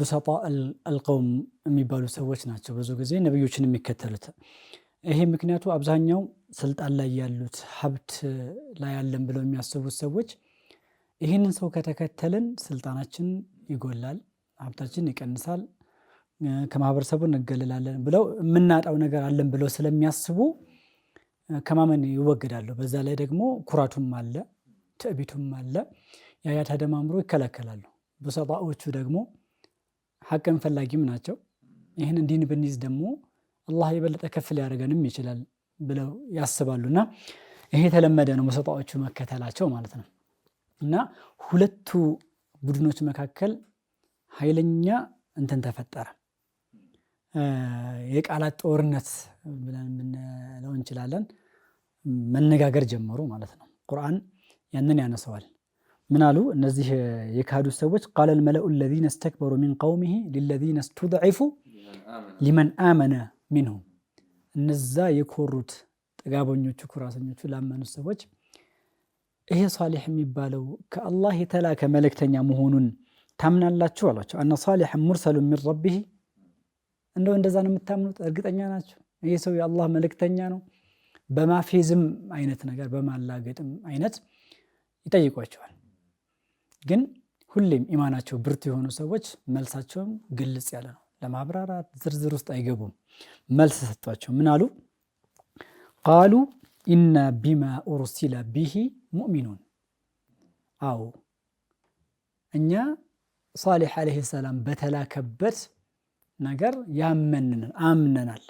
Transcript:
ብሳጣ አልቀውም የሚባሉ ሰዎች ናቸው ብዙ ጊዜ ነቢዮችን የሚከተሉት። ይሄ ምክንያቱ አብዛኛው ስልጣን ላይ ያሉት ሀብት ላይ ያለን ብለው የሚያስቡት ሰዎች ይህንን ሰው ከተከተልን ስልጣናችን ይጎላል፣ ሀብታችን ይቀንሳል፣ ከማህበረሰቡ እንገለላለን ብለው የምናጣው ነገር አለን ብለው ስለሚያስቡ ከማመን ይወገዳሉ። በዛ ላይ ደግሞ ኩራቱም አለ፣ ትዕቢቱም አለ። ያ ያ ተደማምሮ ይከላከላሉ። ብሰጣዎቹ ደግሞ ሐቅን ፈላጊም ናቸው። ይህን ዲን ብንይዝ ደግሞ አላህ የበለጠ ከፍ ሊያደርገንም ይችላል ብለው ያስባሉና ይሄ የተለመደ ነው መሰጣዎቹ መከተላቸው ማለት ነው። እና ሁለቱ ቡድኖች መካከል ኃይለኛ እንትን ተፈጠረ። የቃላት ጦርነት ብለን ምንለው እንችላለን። መነጋገር ጀመሩ ማለት ነው። ቁርአን ያንን ያነሰዋል። ምን አሉ እነዚህ የካዱ ሰዎች ቃለ ልመለኡ ለዚነ እስተክበሩ ሚን ቀውሚሂ ሊለዚነ ስቱድዒፉ ሊመን አመነ ሚንሁም እነዛ የኮሩት ጥጋበኞቹ ኩራሰኞቹ ላመኑት ሰዎች ይሄ ሳሌሕ የሚባለው ከአላህ የተላከ መልእክተኛ መሆኑን ታምናላችሁ አሏቸው። አነ ሳሌሐን ሙርሰሉን ሚን ረቢሂ እንደው እንደዛ ነው የምታምኑት? እርግጠኛ ናቸው ይሄ ሰው የአላህ መልእክተኛ ነው? በማፌዝም አይነት ነገር በማላገጥም አይነት ይጠይቋቸዋል። ግን ሁሌም ኢማናቸው ብርቱ የሆኑ ሰዎች መልሳቸውም ግልጽ ያለ ነው። ለማብራራት ዝርዝር ውስጥ አይገቡም። መልስ ሰጥቷቸው ምን አሉ? ቃሉ ኢና ቢማ ኡርሲለ ቢሂ ሙእሚኑን። አዎ እኛ ሳሌሕ ዓለይሂ ሰላም በተላከበት ነገር ያመንን አምነናል።